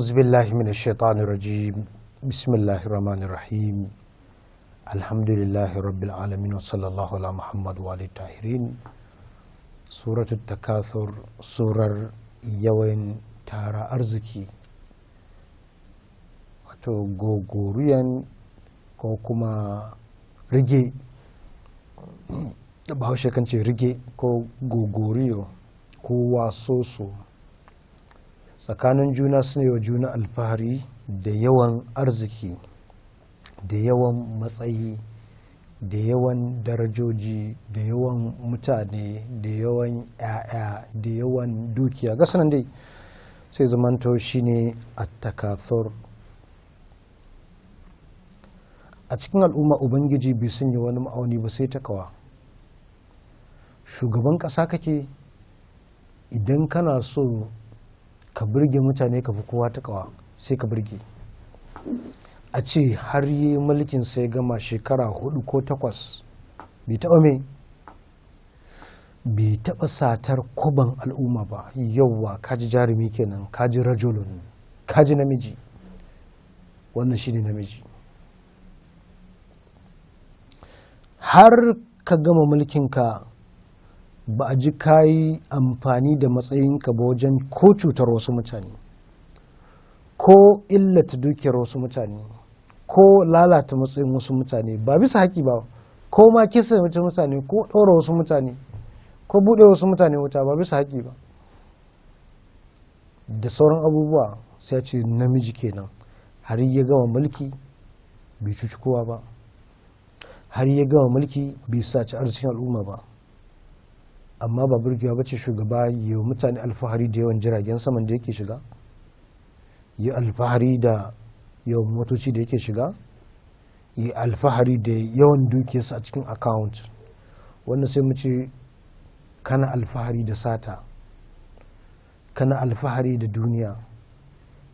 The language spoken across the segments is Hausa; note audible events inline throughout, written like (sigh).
أعوذ بالله من الشيطان الرجيم بسم الله الرحمن الرحيم الحمد لله رب العالمين وصلى الله على محمد الطاهرين سورة التكاثر سورة yawan tara arziki wato gogoriyan ko kuma rige bahaushe kan ce rige ko gogoriyo ko wasoso tsakanin juna suna yi wa juna alfahari da yawan arziki da yawan matsayi da yawan darajoji da yawan mutane da yawan 'ya'ya da yawan dukiya ga sanan dai sai zamanto shi ne a a cikin al'umma ubangiji bai yi wani ma'auni ba sai ta takawa shugaban ƙasa kake idan kana so ka burge mutane ka fi kowa ta kawa sai ka burge a ce har yi mulkin sai gama shekara hudu ko takwas bai taɓa me bai taɓa satar kwaban al'umma ba Yau wa kaji jarumi kenan kaji rajulun kaji namiji wannan shine namiji har ka gama mulkinka ba a ji kayi amfani da matsayinka ba wajen ko cutar wasu mutane ko illata dukiyar wasu mutane ko lalata matsayin wasu mutane ba bisa haƙi ba ko ma kisa wata mutane ko ɗora wasu mutane ko buɗe wasu mutane wuta ba bisa haƙi ba da sauran abubuwa sai ce namiji kenan har ya gama mulki bai cuci kowa ba har ya gama mulki bai sace arzikin al'umma ba amma ba burgewa ba ce shugaba ya mutane alfahari da yawan jiragen saman da yake shiga yi alfahari da yawan motoci da yake shiga yi alfahari da yawan dukiyarsa a cikin account wannan sai mu ce kana alfahari da sata kana alfahari da duniya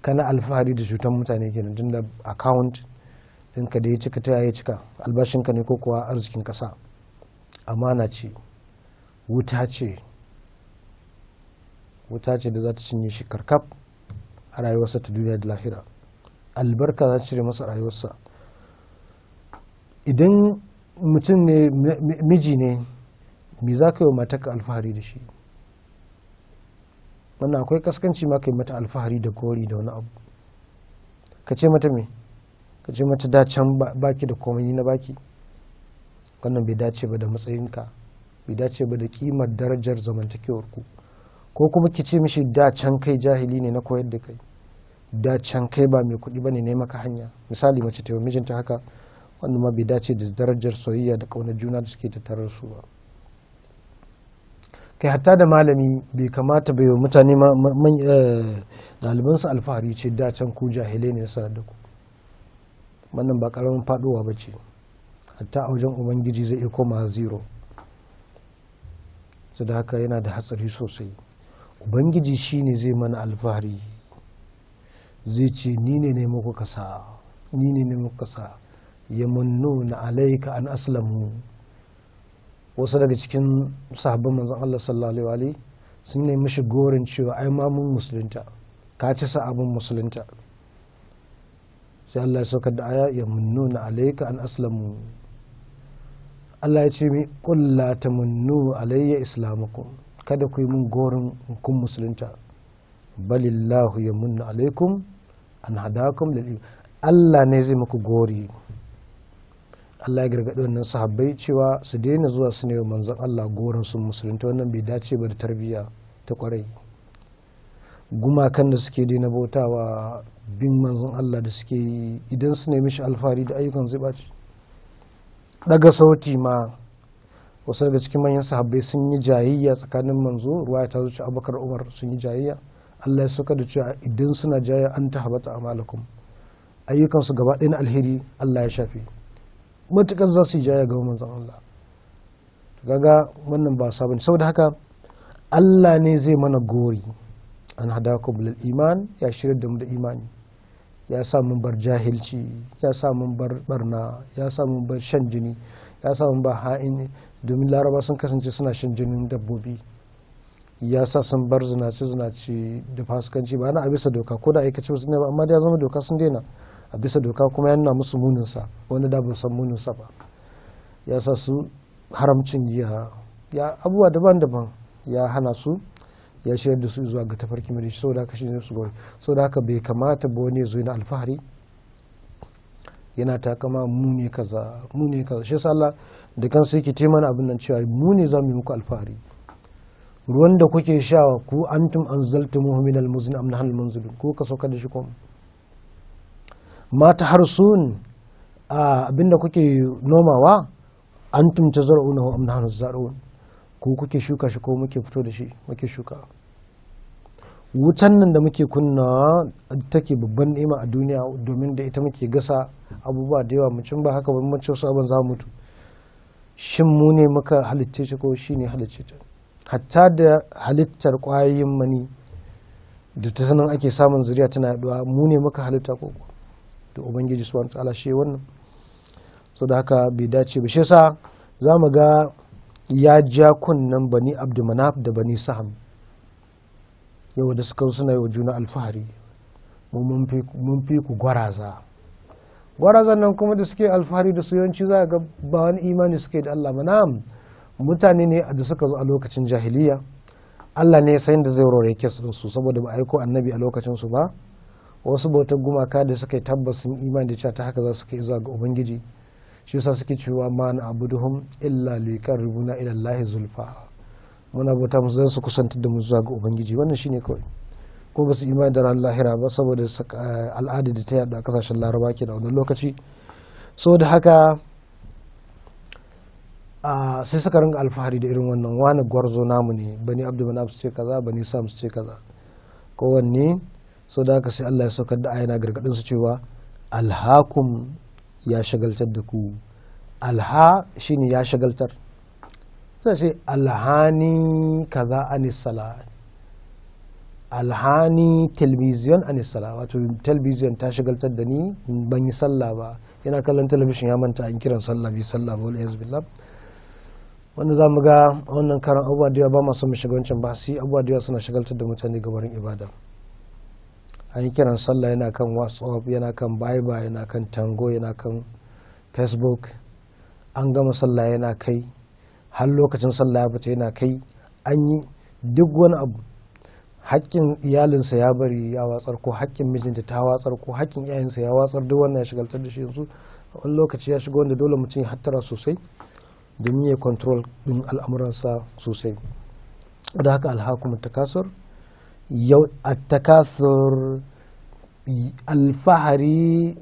kana alfahari da cutar mutane kenan tun da account ɗinka da ya cika ta ya cika albashinka ne ko kuwa arzikin ƙasa amana ce wuta ce wuta ce da za ta cinye shi karkab a rayuwarsa ta duniya da lahira albarka za ta cire masa rayuwarsa idan mutum ne miji ne me za ka yi wa ka alfahari da shi wannan akwai kaskanci ma ka yi mata alfahari da gori da wani abu ka ce mata me ka ce mata dacen baki da komai na baki wannan bai dace ba da matsayinka bai dace ba da kimar darajar zamantakewar ku ko kuma ki ce mishi da can kai jahili ne na koyar da kai da can kai ba mai kuɗi ba ne maka hanya misali mace ta mijinta haka wanda ma bai dace da darajar soyayya da ƙaunar juna da suke tattare su ba kai hatta da malami bai kamata bai wa mutane eh, ɗalibansu alfahari ce da can ku jahilai ne na sanar da ku wannan ba ƙaramin faɗowa ba ce hatta a wajen ubangiji zai iya koma zero su da haka yana da hatsari sosai ubangiji shine zai mana alfahari zai ce ni ne ne muku kasa ni ne ne muku kasa manno na alaika an aslamu wasu daga cikin sahabban manzon Allah sallallahu alaihi sun ne mishi gorin cewa ai ma mun musulunta ka ci sa'abin musulunta sai Allah ya saukar da aya manno na alaika an aslamu Allah ya ce mi ta ta munnu alayya islamakum kada ku yi mun gorin kun musulunta balillahu ya munna alaikum an hadakum Allah ne zai muku gori Allah ya gargaɗi wannan sahabbai cewa su daina zuwa su ne manzon Allah gorin sun musulunta wannan bai dace ba da tarbiyya ta kwarai gumakan da suke daina bautawa bin manzon Allah da suke yi idan su nemi shi alfahari da ayyukan zai ɓaci daga sauti ma wasu daga cikin manyan sahabbai sun yi jayayya tsakanin manzo ruwa ta zuci abubakar umar sun yi jayayya allah ya suka da cewa idan suna jayayya an ta habata malakum ayyukansu gaba ɗaya na alheri allah ya shafe matukar za su yi jayayya ga manzon allah gaga wannan ba sabon saboda haka allah ne zai mana gori an hadakum bilal iman ya shirya da mu da imani ya sa mun bar jahilci ya sa mun bar barna ya sa mun bar shan jini ya sa mun bar ha'in domin laraba sun kasance suna shan jinin dabbobi ya sa sun bar zinaci zinaci da fasikanci ba na a bisa doka ko da aikace ba ba amma da ya zama doka sun daina a bisa doka kuma yana musu muninsa wani da san muninsa ba ya sa su haramcin giya ya abubuwa daban-daban ya hana su ya shirya da su zuwa ga tafarki mai shi saboda haka shi ne su gori saboda haka bai kamata ba wani zo yana alfahari yana takama mu ne kaza mu ne kaza shi sallah Allah da kansa yake ce teman abin nan cewa mu ne za mu yi muku alfahari ruwan da kuke sha ku antum anzaltumuhu min almuzn am nahnu munzilun ko ka sauka da shi kuma mata harsun abinda kuke nomawa antum tazra'unahu am nahnu zarauna ko kuke shuka shi ko muke fito da shi muke shuka wutan nan da muke kunna take babban ni'ima a duniya domin da ita muke gasa abubuwa da yawa mucin ba haka ban mace wasu abin za mutu shin mu ne muka halitta shi ko shi ne halicce ta hatta da halittar kwayoyin mani da ta sanin ake samun zuriya tana yaduwa mu ne muka halitta ko da ubangiji subhanahu wa ta'ala shi wannan saboda haka bai dace ba shi yasa za mu ga ya ja kunnen bani abdulmanaf da bani saham yau da suka suna yi wa juna alfahari mun fi ku gwaraza gwarazan nan kuma da suke alfahari da su yawanci za ga ba wani imani suke da allah manam mutane ne da suka zo a lokacin jahiliya allah ne sayin da zai rore kes din su saboda ba aiko annabi a lokacin su ba wasu bautar gumaka da suka yi tabbas imani da cewa ta haka za su kai zuwa ga ubangiji shi yasa suke cewa ma na abuduhum illa rubuna ila lahi zulfa muna bauta musu zan su kusantar da mu zuwa ga ubangiji wannan shine kawai ko ba su imani da ran lahira ba saboda eh, al'ada da ta yadu a kasashen laraba ke da wannan lokaci saboda haka sai suka ringa alfahari da irin wannan wani gwarzo namu ne bani abdulmanab su ce kaza bani sam su ce kaza kowanne so da haka sai allah ya saukar da ayana gargadin su cewa alhakum ya shagaltar da ku alha shi ne ya shagaltar zai ce alhani kaza anisala alhani telebiziyon anisala wato telebiziyon ta shagaltar da ni ban yi sallah ba yana kallon talabishin ya manta an kiran sallah bi sallah ba wal wanda za mu ga wannan karan abubuwa da yawa ba masu mu ba sai abubuwa da yawa suna shagaltar da mutane gabarin ibada an yi kiran sallah yana kan whatsapp yana kan baiba yana kan tango yana kan facebook an gama sallah yana kai har lokacin sallah ya fita yana kai an yi duk wani abu hakkin iyalinsa ya bari ya watsar ko hakkin mijinta ta watsar ko hakkin iyayensa ya watsar duk wannan ya shigaltar da shi yanzu wani lokaci ya shiga wanda dole mutum ya hattara sosai domin ya control din al'amuransa sosai da haka alhakumin takasar yau attakasur alfahari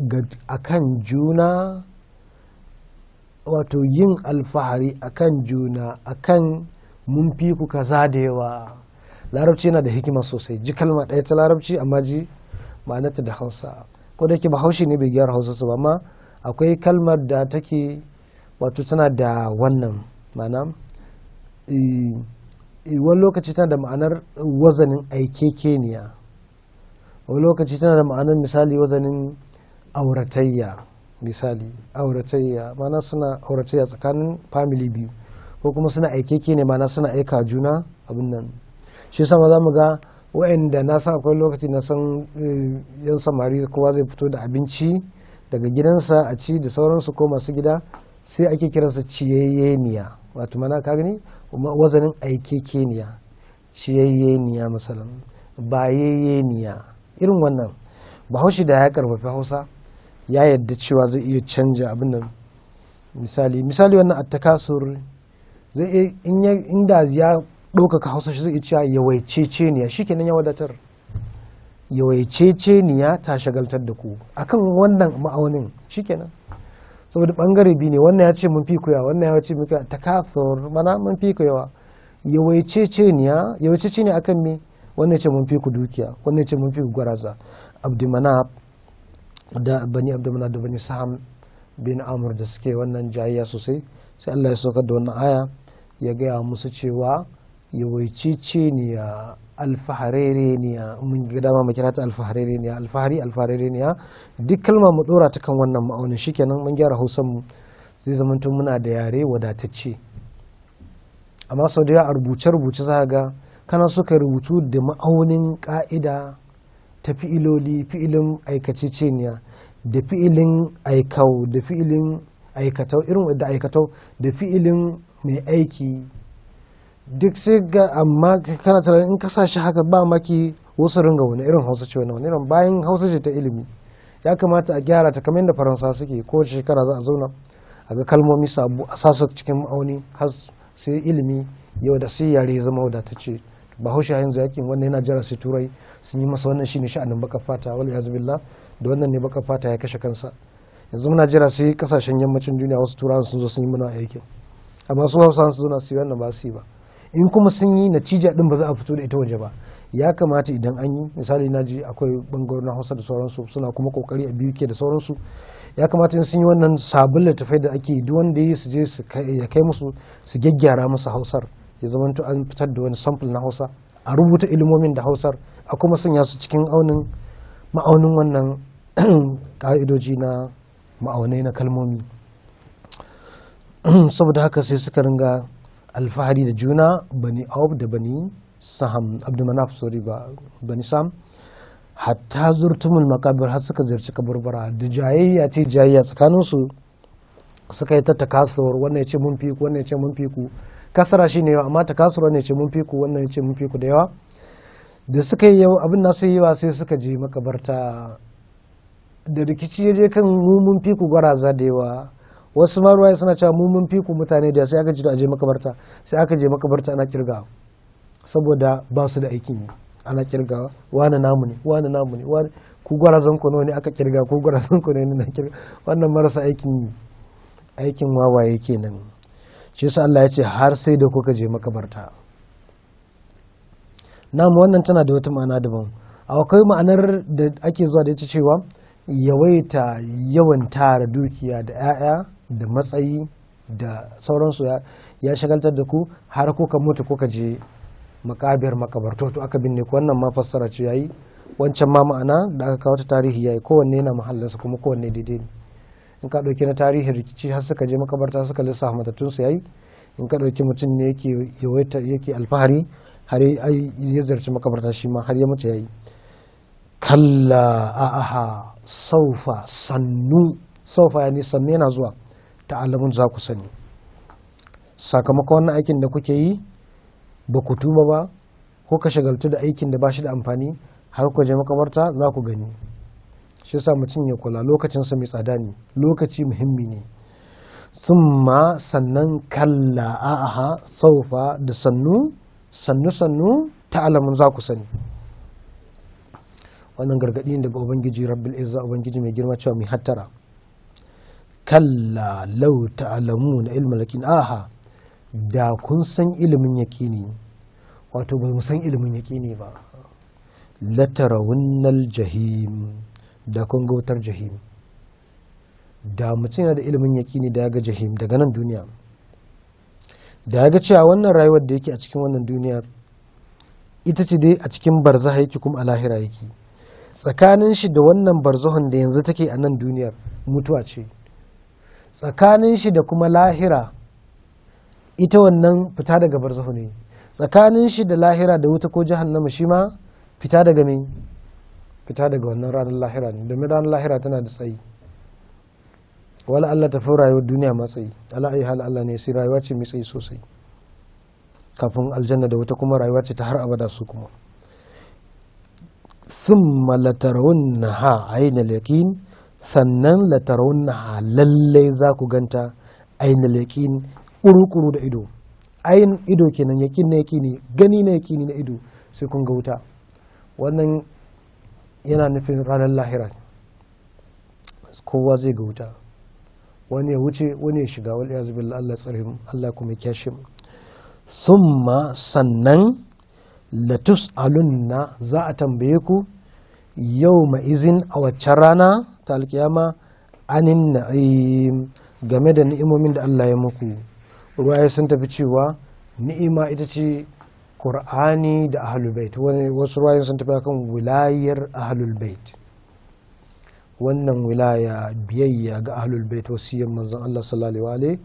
kan juna wato yin alfahari a kan juna akan mun fi ku kaza da yawa larabci yana da hikima sosai ji kalma ɗaya ta larabci amma ji ma'anata da hausa ko da ke bahaushe ne bai gyara hausa su ba amma akwai kalmar da take wato tana da wannan ma'ana eh, Eh, wani lokaci tana da ma'anar wazanin aikekeniya wani lokaci tana da ma'anar misali wazanin auratayya misali auratayya mana suna auratayya tsakanin family biyu ko kuma suna aikeke ne mana suna aika juna abin nan shi sama za mu ga wa'anda na san akwai lokaci na san eh, yan samari kowa zai fito da abinci daga gidansa a ci da sauransu ko masu gida sai ake kiransa ciyayyeniya wato mana ka gani wazanin ciyayye niya misalin niya irin wannan bahaushe da ya karfafi hausa ya yadda cewa zai iya canja abin nan misali misali wannan attakasur zai inda ya ɗaukaka hausa shi zai iya cewa shi shikenan ya wadatar ce yawaiceceniya ta shagaltar da ku akan wannan ma'aunin shikenan saboda bangare biyu ne wannan ya ce mun fi koyawa wannan ya ce mun fi kasar mana mun fi koyawa yawaice ce ne akan me wannan ce mun fi ku dukiya wannan ce mun fi ku gwaraza abdumanab da bani abdumanab da bani saham bin amur da suke wannan jayayya sosai sai Allah ya saukar da wannan aya ya gaya musu cewa ce ne ya. alfahareniya mun ga dama mu kira ta alfahareniya alfahari alfahareniya duk kalma mu dora ta kan wannan ma'aunin shikenan mun gyara hausan mu zai zama tun muna da yare wadatacce amma sau da yawa a rubuce rubuce za ga kana suka rubutu da ma'aunin ka'ida ta fi'iloli fi'ilin aikaceceniya da fi'ilin aikau da fi'ilin aikatau irin da aikatau da fi'ilin mai aiki duk sai ga amma kana tunanin in ka haka ba maki wasu ringa wani irin hausa ce wani irin bayan hausa ce ta ilimi ya kamata a gyara ta kamar yadda faransa suke ko shekara za a zauna a ga kalmomi sabu a sasa cikin ma'auni har sai ilimi yau da sai yare zama wadatacce a yanzu yakin wannan yana jira sai turai sun yi masa wannan shine sha'anin baka fata wal yazbillah da wannan ne baka fata ya kashe kansa yanzu muna jira sai kasashen yammacin duniya wasu turawan sun zo sun yi mana aikin amma su hausa sun zo na su yi wannan ba su yi ba in kuma sun yi natija din ba za a fito da ita waje ba ya kamata idan an yi misali na ji akwai bangarorin hausa da sauransu suna kuma kokari a biyu ke da sauransu ya kamata in sun yi wannan sabon littafai da ake duk wanda ya su je su ya kai musu su gyaggyara musu hausar ya zama an fitar da wani sample na hausa a rubuta ilimomin da hausar a kuma sanya su cikin aunin ma'aunin wannan (clears throat) ka'idoji na ma'aunai na kalmomi (clears throat) saboda haka sai suka ringa alfahari da juna bani auf da bani saham abdulmanaf sorry ba bani sam hatta zurtumul makabir har suka ziyarci kabarbara da jayayya ce jayayya tsakaninsu suka yi ta takasuwar wannan ya ce mun fiku wannan ya ce mun fiku kasara shi ne yawa amma takasuwar wannan ya ce mun fiku wannan ya ce mun fiku da yawa da suka yi yawa abin nasu wa sai suka je makabarta da rikici ya je kan mun fiku gwaraza da yawa wasu ma suna cewa mu mun fi ku mutane da sai aka ji a je makabarta sai aka je makabarta ana kirgawa saboda ba su da aikin yi ana kirgawa wani namu ne wani namu ne wani ku gwarazan ku ne aka kirga ku gwarazan ku ne na kirga wannan marasa aikin yi aikin wawaye kenan shi yasa Allah ya ce har sai da kuka je makabarta namu wannan tana da wata ma'ana daban akwai ma'anar da ake zuwa da ita cewa yawaita yawan tara dukiya da 'ya'ya da matsayi da sauransu ya shagaltar da ku har kuka mutu kuka je makabiyar makabarto to aka binne ku wannan ma fassara ce yayi wancan ma ma'ana da aka kawo ta tarihi yayi kowanne yana mahallinsa kuma kowanne daidai ne in ka ɗauki na tarihi rikici har suka je makabarta suka lissafa matattun su yayi in ka ɗauki mutum ne yake yawaita yake alfahari har ya zarci makabarta shi ma har ya mutu yayi kalla a'aha saufa sannu saufa yani sannu yana zuwa ta'alamun za ku sani sakamakon wannan aikin da kuke yi ba ku tuba ba ko ka shagaltu da aikin da ba shi da amfani har ku je makamarta za ku gani shi sa mutum ya kula lokacinsa mai tsada ne lokaci muhimmi ne summa sannan kalla a'aha saufa da sannu sannu sannu ta'alamun za ku sani wannan gargaɗi daga ubangiji rabbil izza ubangiji mai girma cewa mai hattara kalla lau ta'alamu na ilmin lakin aha da kun san ilimin ne wato bai mu san ilimin ne ba latarawunnal jahim da kun gautar jahim da mutum yana da ilimin yakini da ya ga jahim daga nan duniya da ya ga cewa wannan rayuwar da yake a cikin wannan duniyar ita ce dai a cikin barzaha yake kuma a lahira yake tsakanin shi da wannan barzahon da yanzu take a nan duniyar mutuwa ce tsakanin shi da kuma lahira ita wannan fita daga barzahu ne tsakanin shi da lahira da wuta ko jahannama shi ma fita daga me fita daga wannan ranar lahira ne domin ranar lahira tana da tsayi wala Allah ta fi rayuwar duniya matsayi ala ayi hal Allah ne sai rayuwa ce mai tsayi sosai kafin aljanna da wata kuma rayuwa ce ta har abada su kuma sun summa latarawunnaha ainal lakin. sannan na lalle za ku ganta ainihin yaƙin ƙuru-ƙuru da ido ayin ido kenan yakin na yaƙini gani na ne na ido sai kun ga wuta wannan yana nufin ranar lahira kowa zai ga wuta wani ya wuce wani ya shiga wani ya zubi Allah tsarhim Allah kuma ya kyashe ma sannan latus alunna za a tambaye ku yau ma izin a waccan rana ta alkiyama anin na'im game da ni'imomin da Allah ya muku ruwaye sun tafi cewa ni'ima ita ce Qur'ani da Ahlul Bait wasu ruwaye sun tafi akan wilayar Ahlul Bait wannan wilaya biyayya ga Ahlul Bait wasiyyar manzon Allah sallallahu alaihi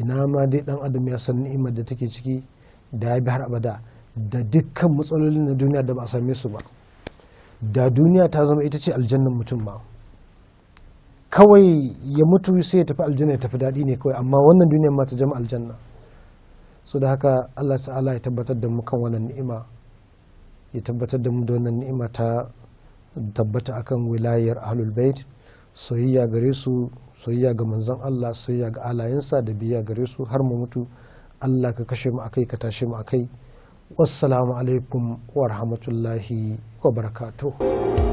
ina ma dai dan adam ya san ni'imar da take ciki da ya bi har abada da dukkan matsalolin na duniya da ba a same su ba da duniya ta zama ita ce aljannan mutum ba kawai ya mutu sai ya tafi aljanna ya tafi daɗi ne kawai amma wannan duniyar ma ta jama aljanna so da haka Allah ta'ala ya tabbatar da mu kan wannan ni'ima ya tabbatar da mu da wannan ni'ima ta tabbata akan wilayar ahlul bait soyayya gare su soyayya ga manzon Allah soyayya ga alayensa da biya gare su har mu mutu Allah ka kashe mu akai ka tashe mu akai wassalamu alaikum wa rahmatullahi wa barakatuh